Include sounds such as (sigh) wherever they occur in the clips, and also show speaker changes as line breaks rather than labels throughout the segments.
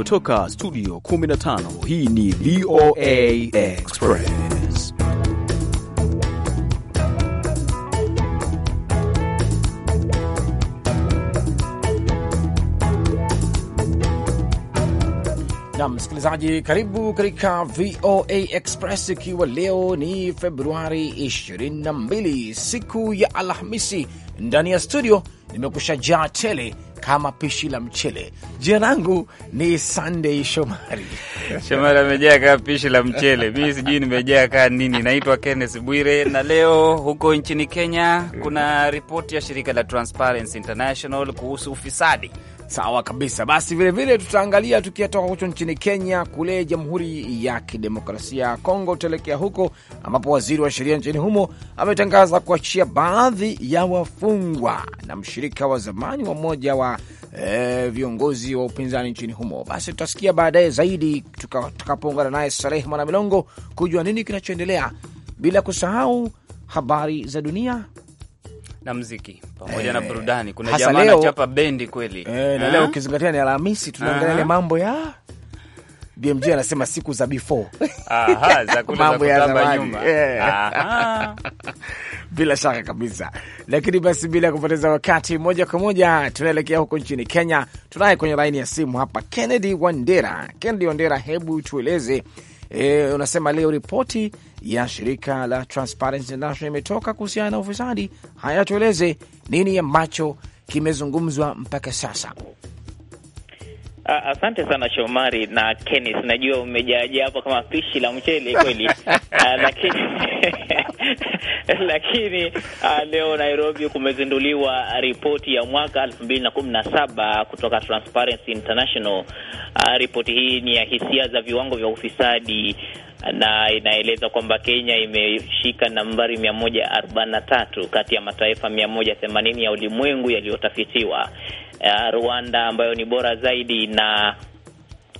kutoka studio 15 hii ni VOA Express
na msikilizaji, karibu katika VOA Express, ikiwa leo ni Februari 22 siku ya Alhamisi. Ndani ya studio nimekusha jaa tele kama pishi la mchele. Jina langu ni Sunday Shomari.
Shomari amejaa kaa pishi la mchele, mi sijui nimejaa kaa nini. Naitwa Kenneth Bwire, na leo huko nchini Kenya kuna ripoti ya shirika la Transparency International kuhusu ufisadi Sawa kabisa. Basi
vilevile tutaangalia tukiatoka toka huko nchini Kenya, kule Jamhuri ya Kidemokrasia ya Kongo tutaelekea huko ambapo waziri wa sheria nchini humo ametangaza kuachia baadhi ya wafungwa na mshirika wa zamani wa mmoja wa e, viongozi wa upinzani nchini humo. Basi tutasikia baadaye zaidi tukapoungana naye Sarehe Mwanamilongo kujua nini kinachoendelea, bila kusahau habari za dunia
na mziki pamoja na eh. burudani. Kuna jamaa anachapa bendi kweli eh, na eh? leo
ukizingatia ni Alhamisi, tunaangalia ile mambo ya BMG anasema siku za before
aha, za (laughs)
(laughs) bila
shaka kabisa. Lakini basi bila ya kupoteza wakati, moja kwa moja tunaelekea huko nchini Kenya. Tunaye kwenye laini ya simu hapa Kennedy Wandera. Kennedy Wandera, hebu tueleze E, unasema leo ripoti ya shirika la Transparency International imetoka kuhusiana na ufisadi. Haya, tueleze nini ambacho kimezungumzwa mpaka sasa.
Asante sana Shomari na Kenis, najua umejaa hapo kama pishi la mchele kweli. (laughs) Lakini (laughs) (laughs) lakini uh, leo Nairobi kumezinduliwa ripoti ya mwaka elfu mbili na kumi na saba kutoka Transparency International. Uh, ripoti hii ni ya hisia za viwango vya ufisadi na inaeleza kwamba Kenya imeshika nambari mia moja arobaini na tatu kati ya mataifa mia moja themanini ya ulimwengu yaliyotafitiwa. Uh, Rwanda ambayo ni bora zaidi na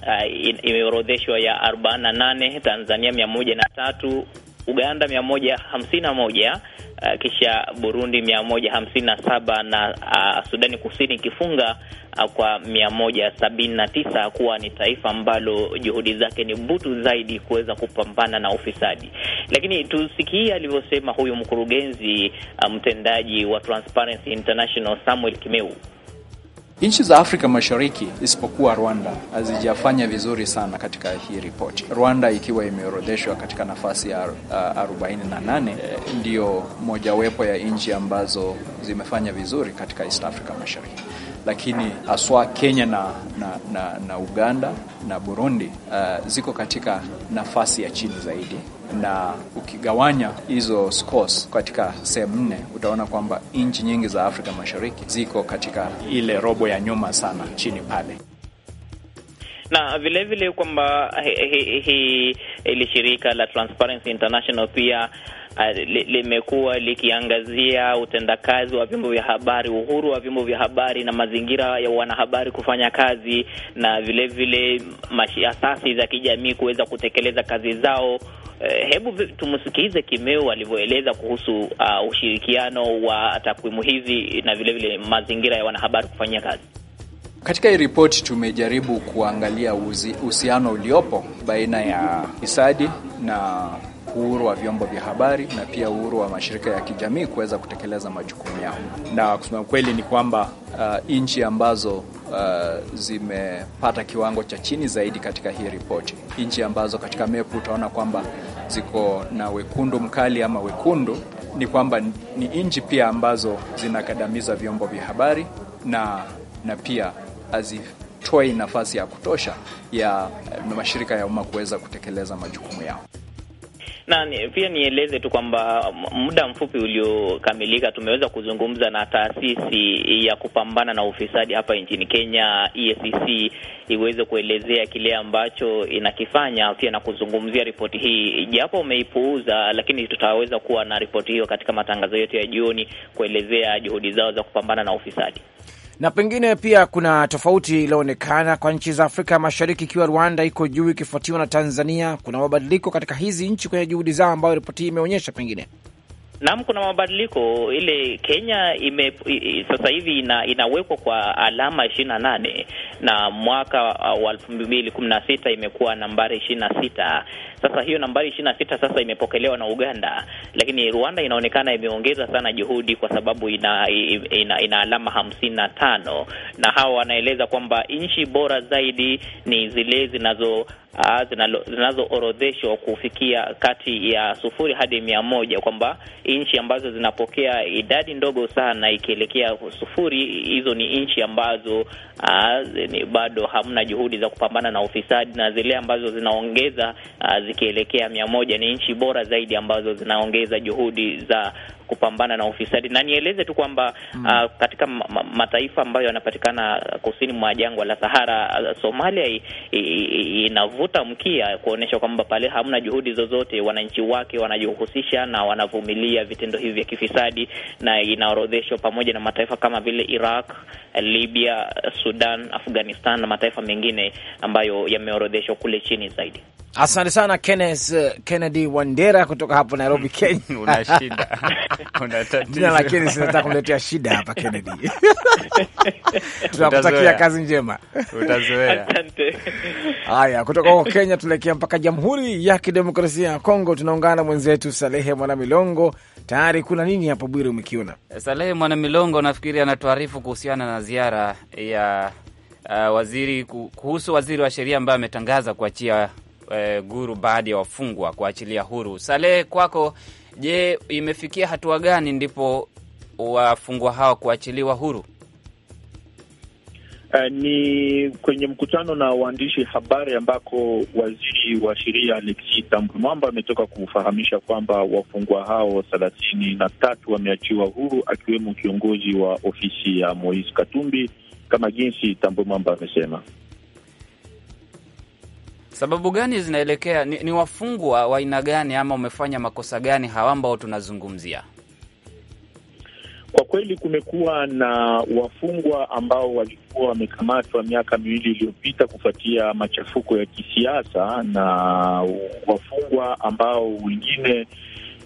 uh, imeorodheshwa ya 48, Tanzania mia moja na tatu Uganda mia moja hamsini na moja uh, kisha Burundi mia moja hamsini na saba na uh, Sudani Kusini ikifunga uh, kwa mia moja sabini na tisa kuwa ni taifa ambalo juhudi zake ni butu zaidi kuweza kupambana na ufisadi. Lakini tusikie alivyosema huyu mkurugenzi uh, mtendaji wa Transparency International Samuel Kimeu.
Nchi za Afrika Mashariki isipokuwa Rwanda hazijafanya vizuri sana katika hii ripoti, Rwanda ikiwa imeorodheshwa katika nafasi ya 48 ndiyo mojawapo ya nchi ambazo zimefanya vizuri katika East Africa Mashariki lakini haswa Kenya na, na, na, na Uganda na Burundi uh, ziko katika nafasi ya chini zaidi, na ukigawanya hizo scores katika sehemu nne utaona kwamba nchi nyingi za Afrika Mashariki ziko katika ile robo ya nyuma sana chini pale
na vilevile kwamba hili shirika la Transparency International pia Ah, li, limekuwa likiangazia utendakazi wa vyombo vya habari, uhuru wa vyombo vya habari na mazingira ya wanahabari kufanya kazi, na vile vile asasi za kijamii kuweza kutekeleza kazi zao. Eh, hebu tumsikilize Kimeu alivyoeleza kuhusu uh, ushirikiano wa takwimu hizi na vile vile mazingira ya wanahabari kufanyia kazi.
Katika hii ripoti tumejaribu kuangalia uhusiano uliopo baina ya hisadi na uhuru wa vyombo vya habari na pia uhuru wa mashirika ya kijamii kuweza kutekeleza majukumu yao. Na kusema kweli ni kwamba uh, nchi ambazo uh, zimepata kiwango cha chini zaidi katika hii ripoti, nchi ambazo katika mepu utaona kwamba ziko na wekundu mkali ama wekundu, ni kwamba ni nchi pia ambazo zinakandamiza vyombo vya habari na, na pia azi toi nafasi ya kutosha ya uh, mashirika ya umma kuweza kutekeleza
majukumu yao
na pia nieleze tu kwamba muda mfupi uliokamilika tumeweza kuzungumza na taasisi ya kupambana na ufisadi hapa nchini Kenya, EACC, iweze kuelezea kile ambacho inakifanya pia na kuzungumzia ripoti hii, japo umeipuuza, lakini tutaweza kuwa na ripoti hiyo katika matangazo yetu ya jioni kuelezea juhudi zao za kupambana na ufisadi.
Na pengine pia kuna tofauti ilioonekana kwa nchi za Afrika Mashariki, ikiwa Rwanda iko juu ikifuatiwa na Tanzania. Kuna mabadiliko katika hizi nchi kwenye juhudi zao ambayo ripoti hii imeonyesha pengine
Naam, kuna mabadiliko. Ile Kenya ime sasa hivi ina, inawekwa kwa alama ishirini na nane na mwaka wa elfu mbili kumi na sita imekuwa nambari ishirini na sita sasa hiyo nambari ishirini na sita sasa imepokelewa na Uganda, lakini Rwanda inaonekana imeongeza sana juhudi kwa sababu ina, ina, ina, alama hamsini na tano na hawa wanaeleza kwamba nchi bora zaidi ni zile zinazo ah, zinazoorodheshwa kufikia kati ya sufuri hadi mia moja, kwamba nchi ambazo zinapokea idadi ndogo sana ikielekea sufuri, hizo ni nchi ambazo aa, ah, ni bado hamna juhudi za kupambana na ufisadi, na zile ambazo zinaongeza aa, ah, zikielekea mia moja ni nchi bora zaidi ambazo zinaongeza juhudi za kupambana na ufisadi. Na nieleze tu kwamba mm, uh, katika ma mataifa ambayo yanapatikana kusini mwa jangwa la Sahara, ah, Somalia inavuta mkia kuonyesha kwamba pale hamna juhudi zozote, wananchi wake wanajihusisha na wanavumilia vitendo hivi vya kifisadi, na inaorodheshwa pamoja na mataifa kama vile Iraq, Libya, Sudan, Afghanistan na mataifa mengine ambayo yameorodheshwa kule chini zaidi.
Asante sana Kenneth, uh, Kennedy Wandera kutoka hapo Nairobi, mm. Kenya. (laughs) Una shida. (laughs) Una tatizo. Jina la Kennedy sinataka kumletea shida hapa Kennedy. (laughs) Tunakutakia kazi njema. Utazoea. Asante. Haya, kutoka huko Kenya tuelekea mpaka Jamhuri ya Kidemokrasia ya Kongo tunaungana na mwenzetu Salehe Mwanamilongo. Tayari kuna nini hapo Bwire umekiona?
Salehe Mwanamilongo nafikiri anatuarifu kuhusiana na ziara ya uh, waziri kuhusu waziri wa sheria ambaye ametangaza kuachia eh, Guru baadhi ya wafungwa kuachilia huru. Saleh, kwako, je, imefikia hatua gani ndipo wafungwa hawa kuachiliwa huru?
Uh, ni kwenye mkutano na waandishi habari ambako waziri wa sheria Alexi Thambwe Mwamba ametoka kufahamisha kwamba wafungwa hao thelathini na tatu wameachiwa huru akiwemo kiongozi wa ofisi ya Moise Katumbi kama jinsi Thambwe Mwamba amesema.
Sababu gani zinaelekea ni, ni wafungwa wa aina gani ama umefanya makosa gani hawa ambao tunazungumzia?
Kwa kweli kumekuwa na wafungwa ambao walikuwa wamekamatwa miaka miwili iliyopita kufuatia machafuko ya kisiasa, na wafungwa ambao wengine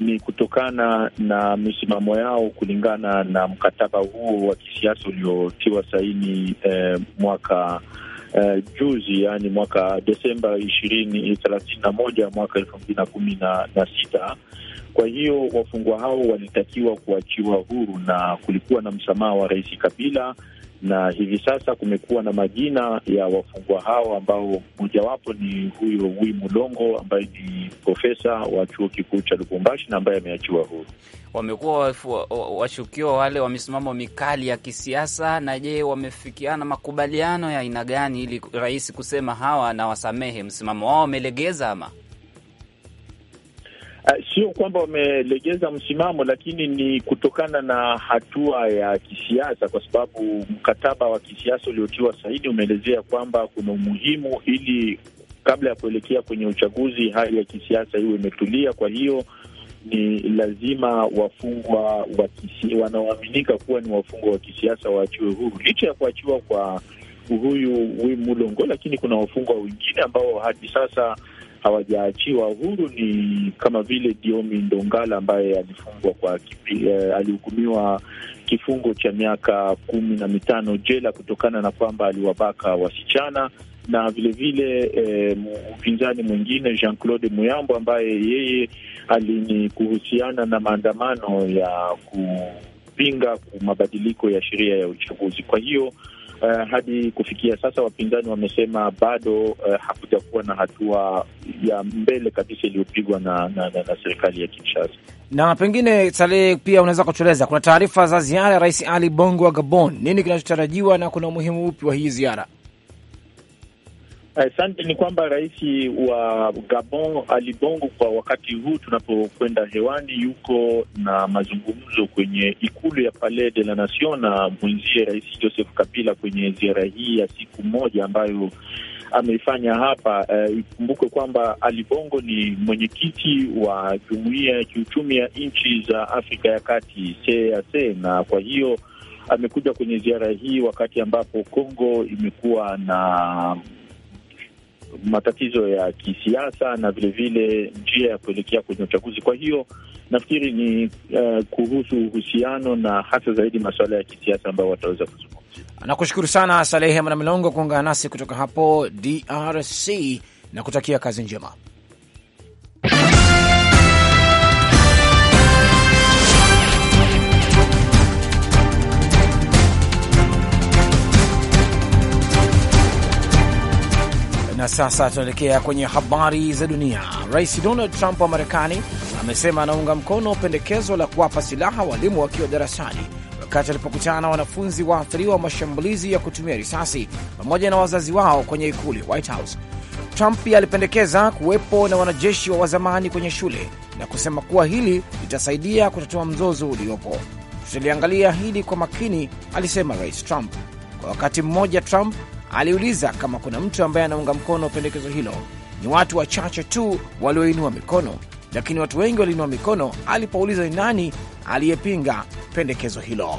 ni kutokana na misimamo yao kulingana na mkataba huo wa kisiasa uliotiwa saini eh, mwaka uh, juzi yaani mwaka Desemba ishirini thelathini na moja mwaka elfu mbili na kumi na sita. Kwa hiyo wafungwa hao walitakiwa kuachiwa huru na kulikuwa na msamaha wa Rais Kabila, na hivi sasa kumekuwa na majina ya wafungwa hao ambao mojawapo ni huyo Wi Mulongo ambaye ni profesa wa chuo kikuu cha Lubumbashi na ambaye ameachiwa huru
wamekuwa washukiwa wale wa misimamo mikali ya kisiasa, na je, wamefikiana makubaliano ya aina gani ili rais kusema hawa na wasamehe? Msimamo wao wamelegeza ama
ah, Sio kwamba wamelegeza msimamo, lakini ni kutokana na hatua ya kisiasa, kwa sababu mkataba wa kisiasa uliotiwa saini umeelezea kwamba kuna umuhimu ili kabla ya kuelekea kwenye uchaguzi hali ya kisiasa iwe imetulia. Kwa hiyo ni lazima wafungwa wanaoaminika kuwa ni wafungwa wa kisiasa waachiwe huru, licha ya kuachiwa kwa huyu wi Mulongo, lakini kuna wafungwa wengine ambao hadi sasa hawajaachiwa huru, ni kama vile Diomi Ndongala ambaye alifungwa kwa kipi, eh, alihukumiwa kifungo cha miaka kumi na mitano jela kutokana na kwamba aliwabaka wasichana na vilevile eh, upinzani mwingine Jean Claude Muyambo ambaye yeye alini kuhusiana na maandamano ya kupinga mabadiliko ya sheria ya uchaguzi. Kwa hiyo uh, hadi kufikia sasa wapinzani wamesema bado uh, eh, hakujakuwa na hatua ya mbele kabisa iliyopigwa na, na, na, na serikali ya Kinshasa.
Na pengine Salehe, pia unaweza kutueleza, kuna taarifa za ziara ya Rais Ali Bongo wa Gabon, nini kinachotarajiwa na kuna umuhimu upi wa hii ziara?
Asante. Eh, ni kwamba rais wa Gabon Ali Bongo kwa wakati huu tunapokwenda hewani, yuko na mazungumzo kwenye ikulu ya Palais de la Nation na mwenzie Rais Joseph Kabila kwenye ziara hii ya siku moja ambayo ameifanya hapa. Eh, ikumbukwe kwamba Ali Bongo ni mwenyekiti wa jumuiya ya kiuchumi ya nchi za Afrika ya Kati CEEAC, na kwa hiyo amekuja kwenye ziara hii wakati ambapo Kongo imekuwa na matatizo ya kisiasa na vilevile njia ya kuelekea kwenye uchaguzi. Kwa hiyo nafikiri ni uh, kuhusu uhusiano na hasa zaidi masuala ya kisiasa ambayo wataweza kuzungumzia.
Nakushukuru sana Salehe Mwanamilongo kuungana nasi kutoka hapo DRC na kutakia kazi njema. Na sasa tunaelekea kwenye habari za dunia. Rais Donald Trump wa Marekani amesema anaunga mkono pendekezo la kuwapa silaha walimu wakiwa darasani, wakati alipokutana na wanafunzi waathiriwa wa mashambulizi ya kutumia risasi pamoja na wazazi wao kwenye ikulu ya White House. Trump pia alipendekeza kuwepo na wanajeshi wa wazamani kwenye shule na kusema kuwa hili litasaidia kutatua mzozo uliopo. Tutaliangalia hili kwa makini, alisema Rais Trump. Kwa wakati mmoja, Trump aliuliza kama kuna mtu ambaye anaunga mkono pendekezo hilo. Ni watu wachache tu walioinua mikono, lakini watu wengi waliinua mikono alipouliza ni nani aliyepinga
pendekezo hilo.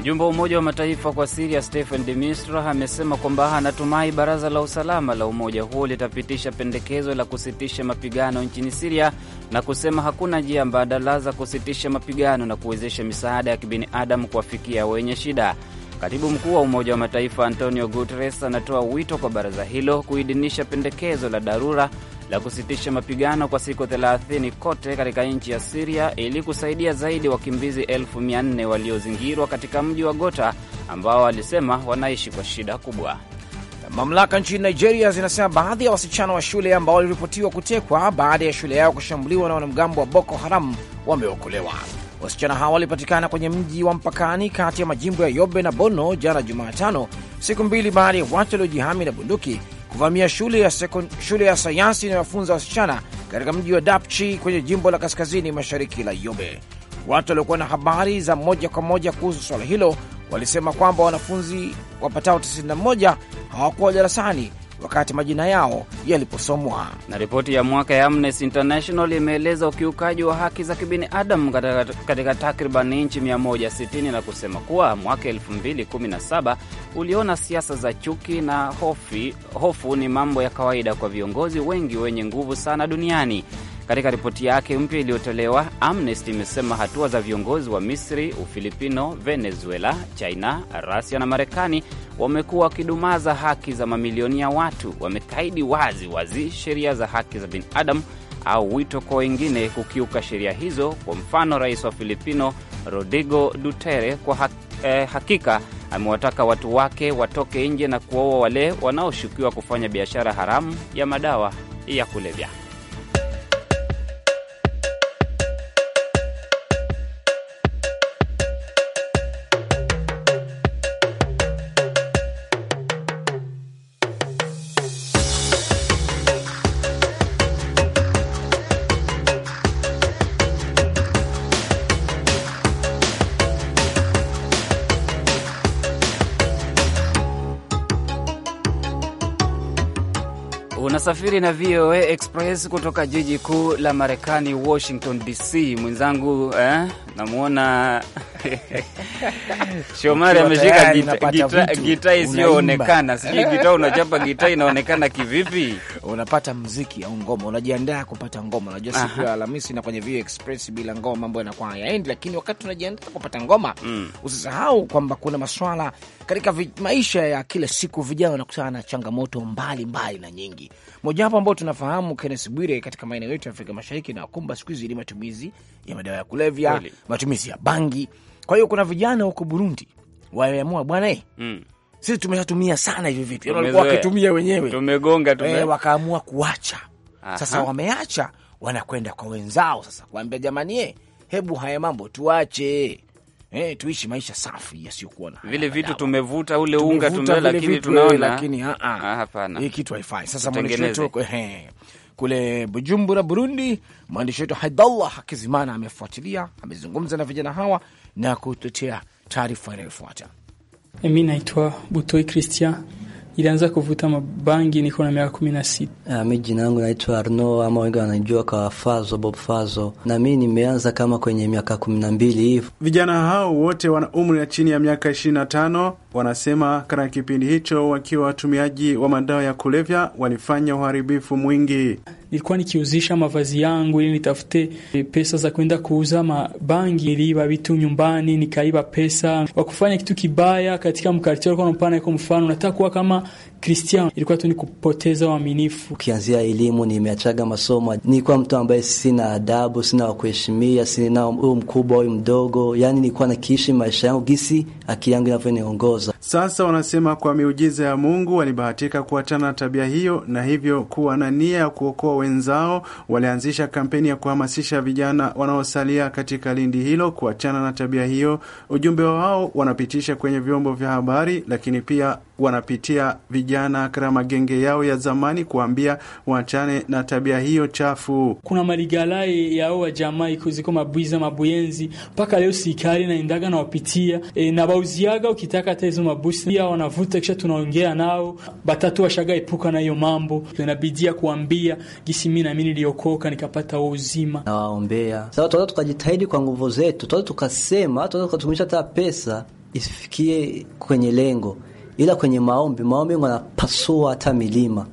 Mjumbe wa Umoja wa Mataifa kwa Siria Stephen de Mistura amesema kwamba anatumai baraza la usalama la umoja huo litapitisha pendekezo la kusitisha mapigano nchini Siria na kusema hakuna njia mbadala za kusitisha mapigano na kuwezesha misaada ya kibinadamu kuwafikia wenye shida. Katibu mkuu wa Umoja wa Mataifa Antonio Guterres anatoa wito kwa baraza hilo kuidhinisha pendekezo la dharura la kusitisha mapigano kwa siku 30 kote katika nchi ya Siria ili kusaidia zaidi wakimbizi elfu mia nne waliozingirwa katika mji wa Gota ambao alisema wanaishi kwa shida kubwa.
Mamlaka nchini Nigeria zinasema baadhi ya wasichana wa shule ambao waliripotiwa kutekwa baada ya shule yao kushambuliwa na wanamgambo wa Boko Haram wameokolewa. Wasichana hawa walipatikana kwenye mji wa mpakani kati ya majimbo ya Yobe na Bono jana Jumatano, siku mbili baada ya watu waliojihami na bunduki kuvamia shule ya, shule ya sayansi inayofunza wasichana katika mji wa Dapchi kwenye jimbo la kaskazini mashariki la Yobe. Watu waliokuwa na habari za moja kwa moja kuhusu swala hilo walisema kwamba wanafunzi wapatao 91 hawakuwa darasani wakati majina yao yaliposomwa.
Na ripoti ya mwaka ya Amnesty International imeeleza ukiukaji wa haki za kibinadamu katika, takriban nchi 160 na kusema kuwa mwaka 2017 uliona siasa za chuki na hofi, hofu ni mambo ya kawaida kwa viongozi wengi wenye nguvu sana duniani. Katika ripoti yake mpya iliyotolewa, Amnesty imesema hatua za viongozi wa Misri, Ufilipino, Venezuela, China, Rasia na Marekani wamekuwa wakidumaza haki za mamilioni ya watu, wamekaidi wazi wazi sheria za haki za binadamu au wito kwa wengine kukiuka sheria hizo. Kwa mfano, rais wa Filipino Rodrigo Duterte kwa ha eh, hakika amewataka watu wake watoke nje na kuwaua wale wanaoshukiwa kufanya biashara haramu ya madawa ya kulevya. Unasafiri na VOA Express kutoka jiji kuu la Marekani, Washington DC. Mwenzangu eh, namwona (laughs) Shomari ameshika gitaa isiyoonekana. Sijui gita unachapa gitaa inaonekana kivipi?
Unapata mziki au ngoma, unajiandaa kupata ngoma. Unajua siku ya Alhamisi na kwenye VOA Express bila ngoma mambo yanakuwa hayaendi, lakini wakati unajiandaa kupata ngoma mm, usisahau kwamba kuna maswala katika maisha ya kila siku, vijana wanakutana na changamoto mbalimbali mbali na nyingi mojawapo ambao tunafahamu Kennes Bwire, katika maeneo yetu ya Afrika Mashariki na wakumba siku hizi ni matumizi ya madawa ya kulevya really, matumizi ya bangi. Kwa hiyo kuna vijana huko Burundi wameamua bwana eh, mm. Sisi tumeshatumia sana hivi vitu, yaani walikuwa wakitumia
wenyewe, tumegonga tume... E,
wakaamua kuacha. Aha. Sasa wameacha, wanakwenda kwa wenzao sasa kuambia jamani, e, hebu haya mambo tuache eh, tuishi maisha safi yasiyokuwa na
vile vitu. Tumevuta ule unga tumevuta, lakini tunaona lakini
ah, ah. Ah, hapana, hii kitu haifai. Sasa mwandishi wetu eh, kule Bujumbura, Burundi, mwandishi wetu Haidallah Hakizimana amefuatilia, amezungumza na vijana hawa na
kutetea taarifa inayofuata. Mi naitwa Butoi Christian ilianza kuvuta mabangi niko na miaka kumi na sita.
Ah, mi jina yangu naitwa Arno ama wengi wanajua kwa Fazo, Bob Fazo, na mi nimeanza kama kwenye miaka kumi na mbili hivo
Vijana hao wote wana umri ya chini ya miaka ishirini na tano wanasema katika kipindi hicho wakiwa watumiaji wa madawa ya kulevya walifanya uharibifu mwingi. Nilikuwa nikiuzisha mavazi yangu ili nitafute pesa za kwenda kuuza mabangi, niliiba vitu nyumbani,
nikaiba pesa. Wakufanya kitu kibaya katika mkarti alikuwa anampana iko mfano, nataka kuwa kama
Kristiano ilikuwa tu ni kupoteza uaminifu. Ukianzia elimu, nimeachaga masomo, nilikuwa mtu ambaye sina adabu, sina wakuheshimia, sina huyu mkubwa huyu mdogo, yani nilikuwa nakiishi maisha yangu gisi akili yangu inavyoniongoza.
Sasa wanasema kwa miujiza ya Mungu walibahatika kuachana na tabia hiyo, na hivyo kuwa na nia ya kuokoa wenzao. Walianzisha kampeni ya kuhamasisha vijana wanaosalia katika lindi hilo kuachana na tabia hiyo. Ujumbe wao wanapitisha kwenye vyombo vya habari, lakini pia wanapitia vijana vijana katika magenge yao ya zamani, kuambia wachane na tabia hiyo chafu.
Kuna maligalai yao wa jamaa ikoziko mabwiza mabuyenzi, mpaka leo sikari na wapitia e, na bauziaga ukitaka hata hizo mabusi pia wanavuta, kisha tunaongea nao batatu washaga epuka na hiyo mambo, tunabidia kuambia gisi mimi na mimi niliokoka
nikapata uzima na waombea. Sasa tuweza tukajitahidi kwa nguvu zetu, tuweza tukasema, tuweza tukatumisha hata pesa isifikie kwenye lengo ila kwenye maombi, maombi na pasua hata milima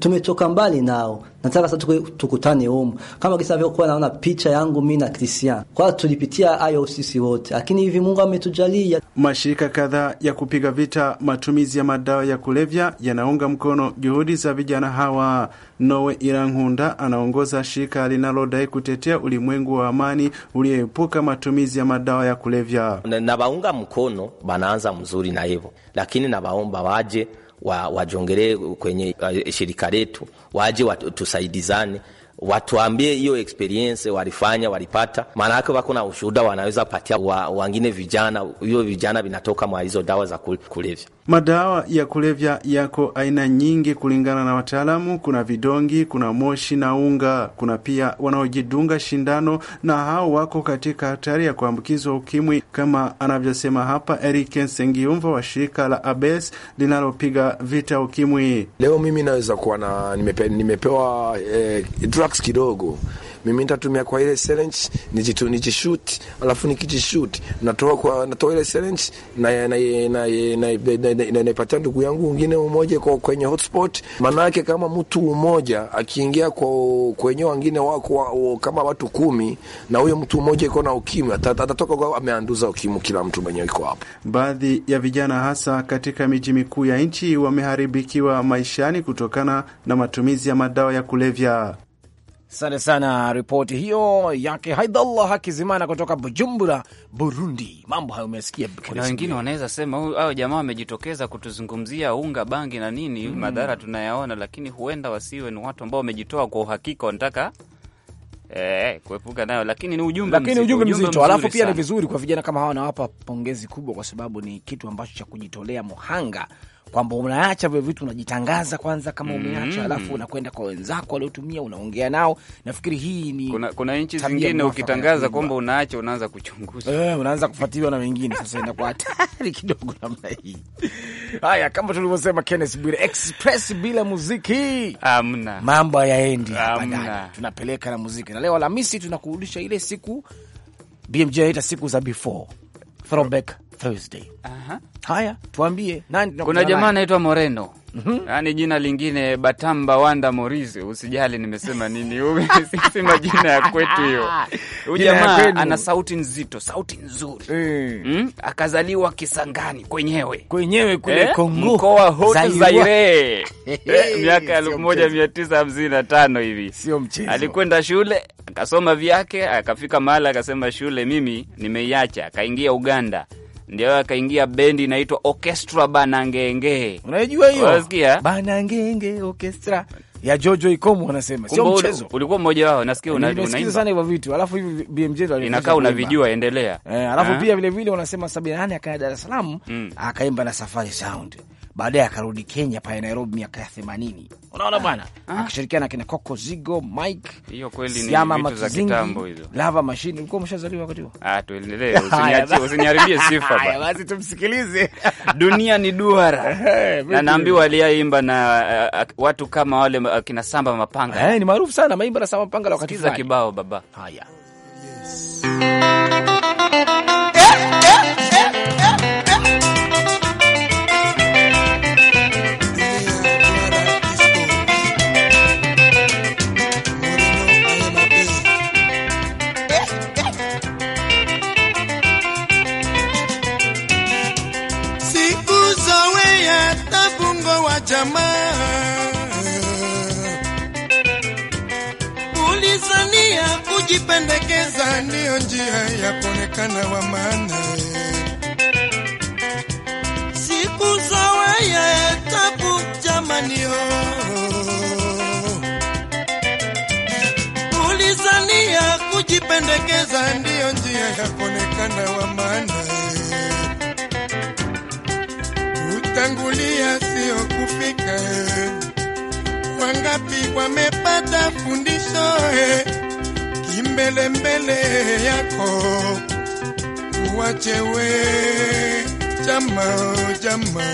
tumetoka mbali nao, nataka sasa tukutane humu, kama kisa naona picha yangu mimi na Christian, kwa tulipitia hayo sisi wote, lakini
hivi Mungu ametujalia. Mashirika kadhaa ya kupiga vita matumizi ya madawa ya kulevya yanaunga mkono juhudi za vijana hawa. Noe Irankunda anaongoza shirika linalodai kutetea ulimwengu wa amani ulioepuka matumizi ya madawa ya kulevya.
Nabaunga mkono, banaanza mzuri na hivyo, lakini nabaomba waje wajongelee wa kwenye wa eh, shirika letu, waje tusaidizane, watuambie hiyo experience walifanya walipata, maanake wako na ushuhuda, wanaweza patia wangine wa vijana, hiyo vijana vinatoka mwa hizo dawa za kulevya.
Madawa ya kulevya yako aina nyingi kulingana na wataalamu. Kuna vidongi, kuna moshi na unga. Kuna pia wanaojidunga shindano, na hao wako katika hatari ya kuambukizwa ukimwi, kama anavyosema hapa Eric Sengiumva wa shirika la ABES linalopiga vita ukimwi. Leo mimi naweza kuwa na nimepe, nimepewa eh, drugs
kidogo mimi nitatumia kwa ile challenge nijitu nijishoot, alafu nikijishoot natoa kwa natoa ile challenge na na na na naipatia ndugu yangu mwingine mmoja kwa kwenye hotspot. Manake kama mtu mmoja akiingia kwa kwenye wengine
wako wa, kama watu kumi na huyo mtu mmoja iko na ukimwi atatoka kwa ameanduza ukimwi kila mtu mwenye iko hapo. Baadhi ya vijana hasa katika miji mikuu ya nchi wameharibikiwa maishani kutokana na matumizi ya madawa ya kulevya. Asante
sana, ripoti hiyo yake Haidhallah Hakizimana kutoka Bujumbura, Burundi. Mambo hayo umesikia. Kuna wengine
wanaweza sema ao jamaa wamejitokeza kutuzungumzia unga, bangi na nini, mm, madhara tunayaona, lakini huenda wasiwe ni watu ambao wamejitoa kwa uhakika, wanataka Eh, kuepuka nayo lakini ni ujumbe lakini mzito, ujumbe mzito. Alafu pia ni vizuri
kwa vijana kama hawa, nawapa pongezi kubwa, kwa sababu ni kitu ambacho cha kujitolea muhanga kwamba unaacha vile vitu, unajitangaza kwanza kama mm-hmm. umeacha alafu unakwenda kwa wenzako waliotumia, unaongea nao.
Nafikiri hii ni kuna, kuna nchi zingine ukitangaza kwamba unaacha unaanza kuchunguza eh,
unaanza kufuatiliwa na wengine. Sasa inakuwa (laughs) hatari kidogo namna hii. Haya, kama tulivyosema, Kenneth Bwire Express, bila muziki amna mambo hayaendi. Tunapeleka na muziki, na leo Alhamisi tunakurudisha ile siku BMJ aita siku za before throwback Thursday. Aha. Haya, tuambie nani kuna jamaa anaitwa Moreno
mm -hmm. Yaani jina lingine Batamba Wanda Morizi, usijali nimesema nini (laughs) si majina ya kwetu hiyo.
(laughs) Huyu jamaa ana
sauti nzito, sauti nzuri mm. Mm? Akazaliwa Kisangani kwenyewe kwenyewe kule eh? Kongo mkoa hote Zaire (laughs) eh, miaka 1955 hivi. Sio mchezo. Alikwenda shule akasoma vyake, akafika mahali akasema shule mimi nimeiacha, akaingia Uganda ndio akaingia bendi inaitwa Orchestra Banangenge. Unaijua hiyo? Unasikia?
Banangenge Orchestra ya Jojo Ikomo wanasema sio mchezo.
Ulikuwa mmoja wao, nasikia unaimba sana
hivyo vitu, alafu hivi BMJ ndio inakaa unavijua,
endelea. Eh, alafu pia
vile vile wanasema 78 akaenda Dar es Salaam mm. akaimba na Safari Sound baadaye akarudi Kenya pale Nairobi miaka ya themanini. Unaona bwana ah. akishirikiana kina Koko Zigo, Mike hiyo kweli ni Lava Machine, ulikuwa umeshazaliwa wakati huo?
Ah, tuendelee, (laughs) usiniharibie sifa bwana.
basi tumsikilize. (laughs) Dunia ni duara (laughs) na naambiwa
aliyaimba na uh, watu kama wale uh, kina Samba Mapanga eh, ni maarufu sana maimba na Samba Mapanga wakati za kibao baba. Haya yes.
yako uwachewe jama jama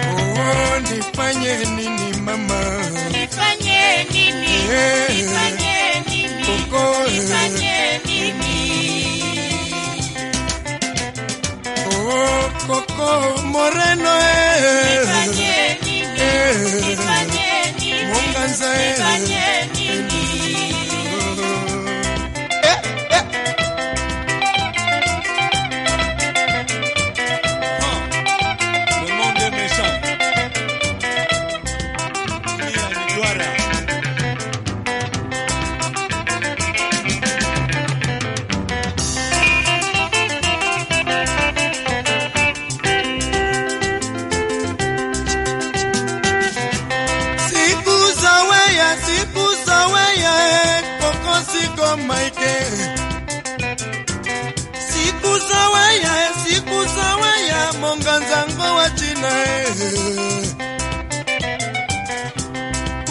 oh, nifanye nini mama nifanye nini, yeah. nifanye nini, Koko, nifanye nini. Oh, koko Moreno eh. nifanye nini, eh. nifanye nini, Monganza eh. nifanye Kigoma ike siku sawa ya siku sawa ya monganzango wa China e.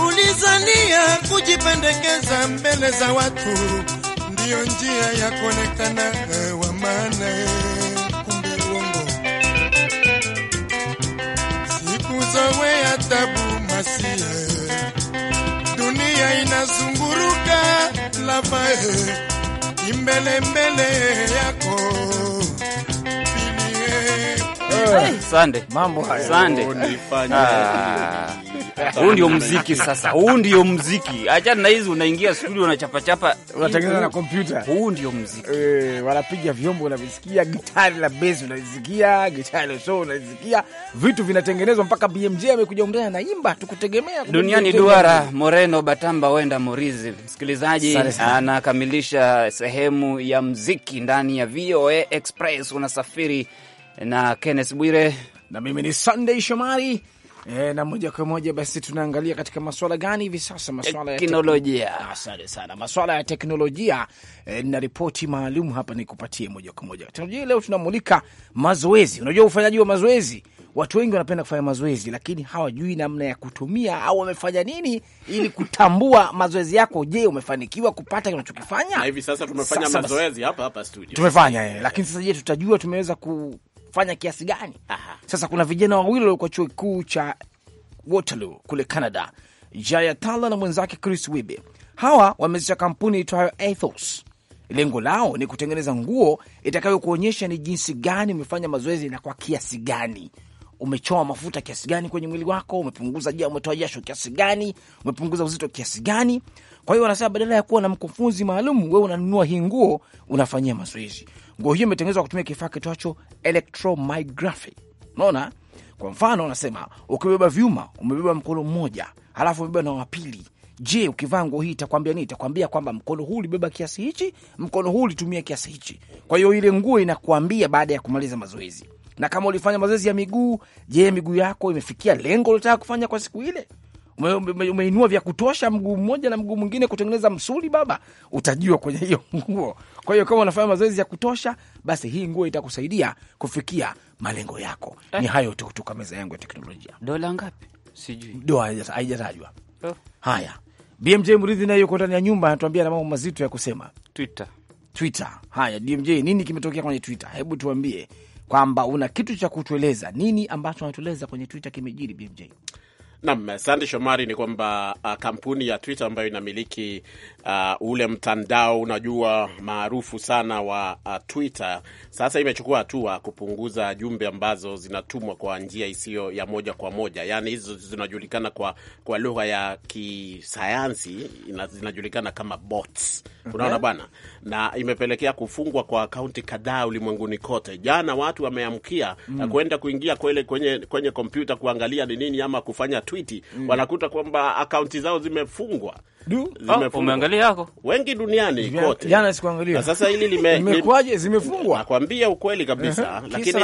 ulizania kujipendekeza mbele za watu ndiyo njia ya kuonekana e, wa maana e. kumbe uongo siku sawa ya tabu masia dunia inazunguka Tia lava imbele yako
eh, Sande, mambo haya. Sande.
Huu ndio muziki
sasa, huu ndio muziki. Achana na hizi, unaingia studio chapa, unatengeneza na kompyuta. Huu ndio muziki
eh, wanapiga vyombo unavisikia, gitari la bass unavisikia, gitari la soul unavisikia, vitu vinatengenezwa mpaka BMJ amekuja na imba, tukutegemea duniani duara.
Moreno Batamba wenda Morizi, msikilizaji anakamilisha sehemu ya muziki ndani ya VOA Express. Unasafiri na Kenneth Bwire
na mimi ni Sunday Shomari. E, na moja kwa moja basi tunaangalia katika maswala gani hivi sasa, maswala ya teknolojia. Asante sana, maswala ya teknolojia e, eh, na ripoti maalum hapa nikupatie moja kwa moja. Teknolojia leo tunamulika mazoezi. Unajua ufanyaji wa mazoezi, watu wengi wanapenda kufanya mazoezi, lakini hawajui namna ya kutumia au wamefanya nini ili kutambua mazoezi yako. Je, umefanikiwa kupata
unachokifanya? Na hivi sasa tumefanya mazoezi hapa hapa studio, tumefanya eh,
lakini sasa je, tutajua tumeweza ku kufanya kiasi gani? Aha. Sasa kuna vijana wawili walikuwa chuo kikuu cha Waterloo kule Canada, Jayatala na mwenzake Chris Wibe. Hawa wameanzisha kampuni itwayo Ethos. Lengo lao ni kutengeneza nguo itakayokuonyesha ni jinsi gani umefanya mazoezi na kwa kiasi gani umechoa mafuta kiasi gani kwenye mwili wako, umepunguza ja, umetoa jasho kiasi gani, umepunguza uzito kiasi gani. Kwa hiyo wanasema badala ya kuwa na mkufunzi maalum, wewe unanunua hii nguo, unafanyia mazoezi. Nguo hiyo imetengenezwa kutumia kifaa kitoacho electromyography. Unaona, kwa mfano anasema ukibeba vyuma, umebeba mkono mmoja, alafu umebeba na wapili Je, ukivaa nguo hii itakwambia nini? Itakwambia kwamba mkono huu ulibeba kiasi hichi, mkono huu ulitumia kiasi hichi. Kwa hiyo ile nguo inakuambia baada ya kumaliza mazoezi na kama ulifanya mazoezi ya miguu, je, miguu yako imefikia lengo ulitaka kufanya kwa siku ile? Umeinua vya kutosha mguu mmoja na mguu mwingine kutengeneza msuli baba, utajua kwenye hiyo (laughs) nguo. Kwa hiyo kama unafanya mazoezi ya kutosha, basi hii nguo itakusaidia kufikia malengo yako. Eh, ni hayo tu kutoka meza yangu ya teknolojia. Dola ngapi? Sijui, dola haijatajwa. Oh. Haya, BMJ Mridhi naye yuko ndani ya nyumba anatuambia na mambo mazito ya kusema. Twitter, Twitter. Haya, DMJ, nini kimetokea kwenye Twitter? Hebu tuambie kwamba una kitu cha kutueleza. Nini ambacho anatueleza kwenye Twitter kimejiri, BMJ?
Nam, sande Shomari. Ni kwamba uh, kampuni ya Twitter ambayo inamiliki uh, ule mtandao unajua maarufu sana wa uh, Twitter sasa imechukua hatua kupunguza jumbe ambazo zinatumwa kwa njia isiyo ya moja kwa moja, yaani hizo zinajulikana kwa, kwa lugha ya kisayansi zinajulikana kama bots. Unaona bwana, na imepelekea kufungwa kwa akaunti kadhaa ulimwenguni kote. Jana watu wameamkia mm. Eh, kwenda kuingia kwele kwenye kwenye kompyuta kuangalia ni nini ama kufanya twiti mm. wanakuta kwamba akaunti zao zimefungwa. Ah, umeangalia yako wengi duniani kote. Jana sikuangalia. Sasa hili limekuaje? (laughs) zimefungwa? Nakwambia ukweli kabisa, lakini si,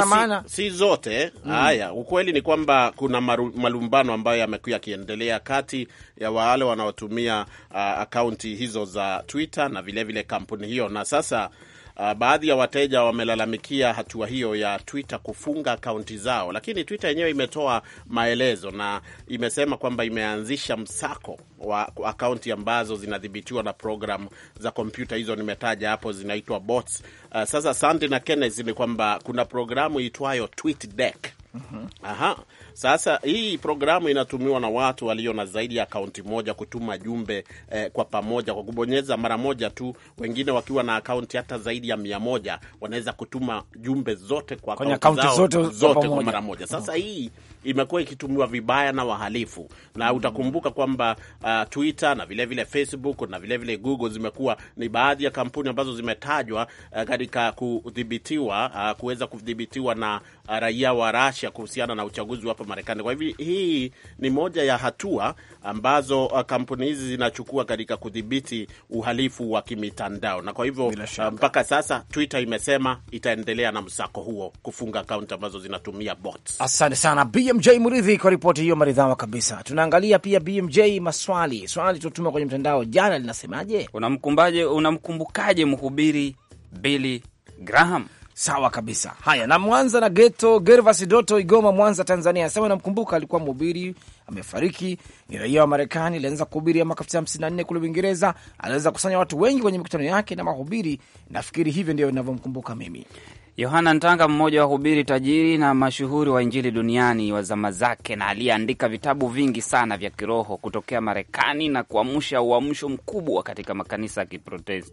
si zote. Mm. Haya, mm. Ukweli ni kwamba kuna maru, malumbano ambayo yamekuwa yakiendelea kati ya wale wanaotumia uh, akaunti hizo za Twitter na vilevile vile kampuni hiyo na sasa Uh, baadhi ya wateja wamelalamikia hatua hiyo ya Twitter kufunga akaunti zao, lakini Twitter yenyewe imetoa maelezo na imesema kwamba imeanzisha msako wa akaunti ambazo zinadhibitiwa na programu za kompyuta hizo nimetaja hapo, zinaitwa bots. Uh, sasa Sandy na Kenneth, ni kwamba kuna programu iitwayo TweetDeck. Mhm. Aha. Sasa hii programu inatumiwa na watu walio na zaidi ya akaunti moja kutuma jumbe eh, kwa pamoja kwa kubonyeza mara moja tu. Wengine wakiwa na akaunti hata zaidi ya mia moja wanaweza kutuma jumbe zote kwa akaunti zote, zote kwa mara moja. Sasa hii imekuwa ikitumiwa vibaya na wahalifu na mm. utakumbuka kwamba uh, Twitter na vilevile vile Facebook na vilevile vile Google zimekuwa ni baadhi ya kampuni ambazo zimetajwa uh, katika kudhibitiwa uh, kuweza kudhibitiwa na uh, raia wa Russia kuhusiana na uchaguzi hapa Marekani. Kwa hivyo hii ni moja ya hatua ambazo uh, kampuni hizi zinachukua katika kudhibiti uhalifu wa kimitandao, na kwa hivyo uh, mpaka sasa Twitter imesema itaendelea na msako huo kufunga akaunti ambazo zinatumia bots. Asante
sana BMJ Mridhi kwa ripoti hiyo maridhawa kabisa. Tunaangalia pia BMJ maswali swali tutuma kwenye mtandao jana linasemaje?
Unamkumbaje, unamkumbukaje mhubiri
Billy Graham? Sawa kabisa. Haya, na Mwanza na Geto Gervas Doto Igoma, Mwanza, Tanzania sema namkumbuka, alikuwa mhubiri, amefariki, ni raia wa Marekani. Alianza kuhubiri mwaka 1954 kule Uingereza. Aliweza kusanya watu wengi kwenye mikutano yake na mahubiri. Nafikiri hivyo ndio inavyomkumbuka mimi.
Yohana Ntanga, mmoja wa hubiri tajiri na mashuhuri wa Injili duniani wa zama zake na aliyeandika vitabu vingi sana vya kiroho kutokea Marekani na kuamsha uamsho mkubwa katika makanisa ya eh,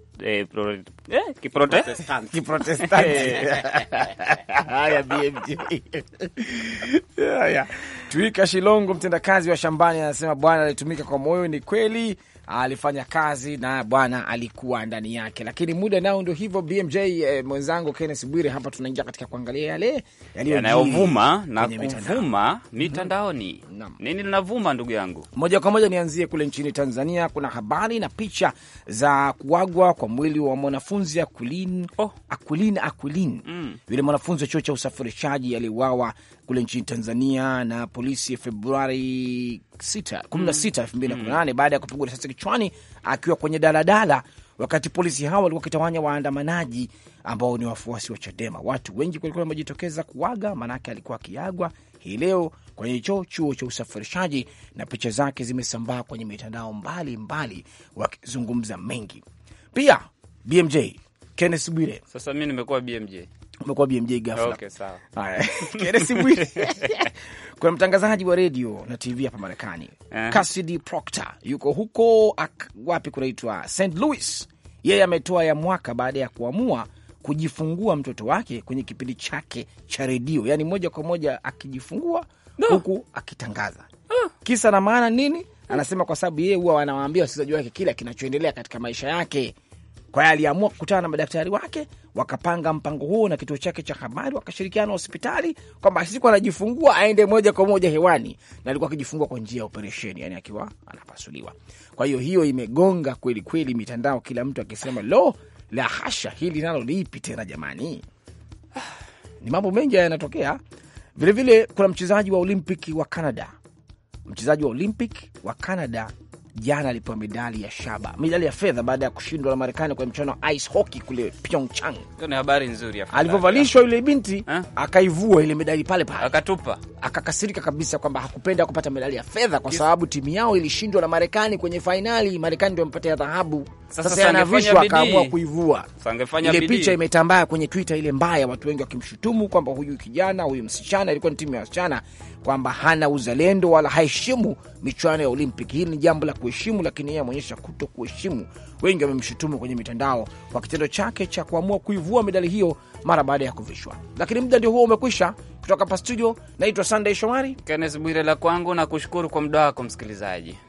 eh, Kiprotestanti. (laughs)
Haya, (laughs) Shilongo, mtendakazi wa shambani, anasema Bwana alitumika kwa moyo. Ni kweli alifanya kazi na Bwana alikuwa ndani yake, lakini muda nao ndio hivyo. BMJ eh, mwenzangu Kenneth Bwire hapa, tunaingia katika kuangalia yale yanayovuma na kuvuma
mhm. mitandaoni. Nini linavuma, ndugu yangu?
Moja kwa moja nianzie kule nchini Tanzania. Kuna habari na picha za kuagwa kwa mwili wa mwanafunzi Akulin oh. Akulin Akulin mm. yule mwanafunzi wa chuo cha usafirishaji aliuawa kule nchini Tanzania na polisi Februari 6, 16, 2018 baada ya kupigwa risasi kichwani akiwa kwenye daladala, wakati polisi hao walikuwa wakitawanya waandamanaji ambao ni wafuasi wa Chadema. Watu wengi walikuwa wamejitokeza kuaga, maanake alikuwa akiagwa hii leo kwenye hicho chuo cha usafirishaji, na picha zake zimesambaa kwenye mitandao mbalimbali, wakizungumza mengi. Pia BMJ Kenneth Bwire,
sasa mi nimekuwa BMJ
umekuwa BMJ ghafla. Okay, sawa. Haya, (laughs) Kenesi Bwire, (laughs) kuna mtangazaji wa redio na TV hapa Marekani eh. -huh. Cassidy Proctor yuko huko ak, wapi kunaitwa St Louis. Yeye ametoa ya mwaka baada ya kuamua kujifungua mtoto wake kwenye kipindi chake cha redio, yaani moja kwa moja akijifungua no. huku akitangaza ah. kisa na maana nini? Anasema kwa sababu yeye huwa wanawaambia wasikilizaji wake kila kinachoendelea katika maisha yake. Kwa hiyo aliamua kukutana na madaktari wake wakapanga mpango huo na kituo chake cha habari, wakashirikiana hospitali kwamba siku anajifungua aende moja kwa moja hewani, na alikuwa akijifungua kwa njia ya operesheni, yani akiwa anapasuliwa. Kwa hiyo hiyo imegonga kweli kweli mitandao, kila mtu akisema lo la hasha, hili nalo lipi tena jamani. (sighs) Ni mambo mengi yanatokea. Vilevile kuna mchezaji wa Olympic wa Canada, mchezaji wa Olympic wa Canada jana alipewa medali ya shaba, medali ya fedha baada ya kushindwa na Marekani kwenye mchano wa ice hockey kule Pyeongchang.
Ni habari nzuri. Alivyovalishwa
yule binti akaivua ile medali pale pale, akatupa, akakasirika kabisa kwamba hakupenda kupata medali ya fedha kwa sababu timu yao ilishindwa na Marekani kwenye fainali. Marekani ndio amepatia dhahabu. Sasa anavishwa akaamua kuivua ile picha, imetambaa kwenye Twitter ile mbaya, watu wengi wakimshutumu kwamba huyu kijana huyu msichana, ilikuwa ni timu ya wasichana, kwamba hana uzalendo wala haheshimu michuano ya Olympic. Hili ni jambo la kuheshimu, lakini yeye ameonyesha kuto kuheshimu. Wengi wamemshutumu kwenye mitandao kwa kitendo chake cha kuamua
kuivua medali hiyo mara baada ya
kuvishwa, lakini muda ndio
huo umekwisha.
Kutoka hapa studio, naitwa
Sunday Shomari, Kenneth Bwire la kwangu na kushukuru kwa muda wako msikilizaji.